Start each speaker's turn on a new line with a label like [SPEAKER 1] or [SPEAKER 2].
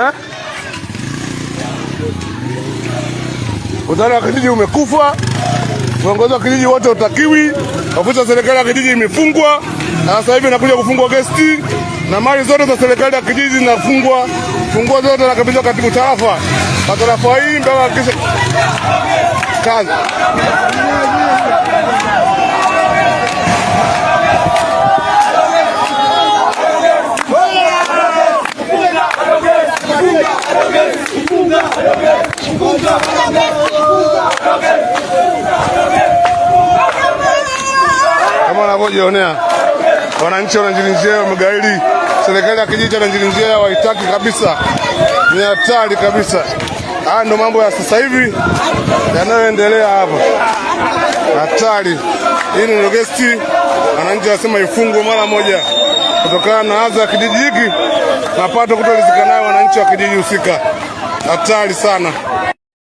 [SPEAKER 1] eh? Utawala wa kijiji umekufa, viongozi wa kijiji wote utakiwi, ofisi ya serikali ya kijiji imefungwa, na sasa hivi inakuja kufungwa gesti na mali zote za serikali ya kijiji zinafungwa, fungua zote kabisa katibu tarafa wa hii mpaka kisha kazi kama wanavyojionea wananchi wanajilizia wamegaili serikali ya kijiji anajilizia hawaitaki kabisa, ni hatari kabisa. Haya ndo mambo ya sasa hivi yanayoendelea hapa, hatari. Hii ni Ndegesti, wananchi wanasema ifungwe mara moja kutokana na adha ya kijiji hiki, mapato kutolizikanayo wananchi wa kijiji husika. Hatari sana.